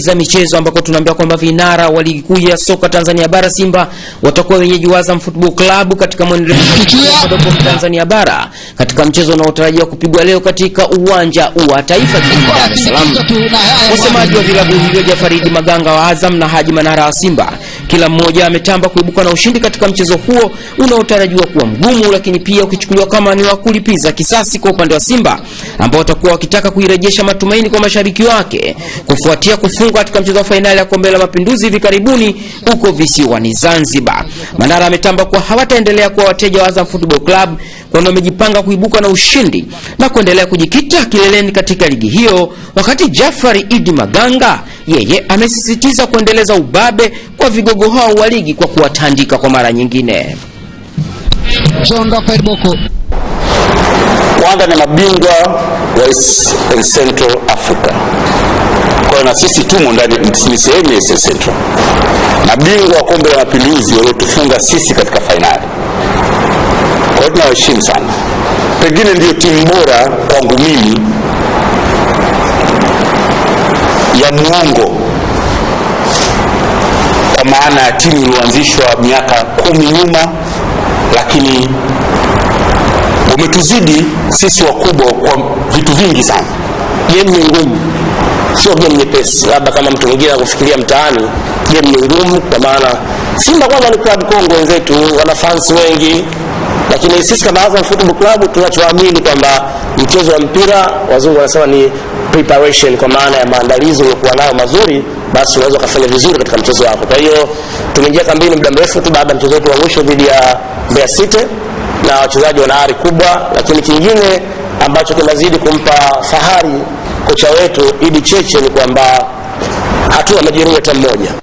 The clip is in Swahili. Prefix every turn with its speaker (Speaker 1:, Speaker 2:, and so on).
Speaker 1: za michezo ambako tunaambia kwamba vinara wa ligi kuu ya soka Tanzania bara Simba watakuwa wenyeji wa Azam Football Club katika mwendelezo wa Tanzania bara katika mchezo unaotarajiwa kupigwa leo katika uwanja wa Taifa jijini Dar es Salaam. Wasemaji wa vilabu hivyo Jafaridi Maganga wa Azam na Haji Manara wa Simba kila mmoja ametamba kuibuka na ushindi katika mchezo huo unaotarajiwa kuwa mgumu, lakini pia ukichukuliwa kama ni wa kulipiza kisasi kwa upande wa Simba ambao watakuwa wakitaka kuirejesha matumaini kwa mashabiki wake kufuatia kufungwa katika mchezo wa fainali ya kombe la mapinduzi hivi karibuni huko visiwani Zanzibar. Manara ametamba kuwa hawataendelea kuwa wateja wa Azam Football Club, kwani wamejipanga kuibuka na ushindi na kuendelea kujikita kileleni katika ligi hiyo, wakati Jafari Idi Maganga yeye amesisitiza kuendeleza ubabe kwa vigogo hao wa ligi kwa kuwatandika kwa mara nyingine.
Speaker 2: John Rafael Boko. ni mabingwa wa Central Africa, kwa na sisi tumo ndani, ni sehemu ya Central. Mabingwa wa kombe la mapinduzi waliotufunga sisi katika fainali, kwa hiyo tunawaheshimu sana, pengine ndiyo timu bora kwangu mimi wa muongo kwa maana ya timu iliyoanzishwa miaka kumi nyuma, lakini umetuzidi sisi wakubwa kwa vitu vingi sana. Game ni ngumu, sio game nyepesi. Labda kama mtu mwingine akufikiria mtaani, game ni ngumu, kwa maana Simba kwanza ni klabu kongo wenzetu wana fans wengi, lakini sisi kama Azam Football Club tunachoamini kwamba mchezo wa mpira, wazungu wanasema ni preparation kwa maana ya maandalizi uliokuwa nayo mazuri basi unaweza ukafanya vizuri katika mchezo wako kwa hiyo tumeingia kambini muda mrefu tu baada ya mchezo wetu wa mwisho dhidi ya mbea City na wachezaji wana ari kubwa lakini kingine ambacho kinazidi kumpa fahari kocha wetu Idi Cheche ni kwamba hatua majeruhi hata mmoja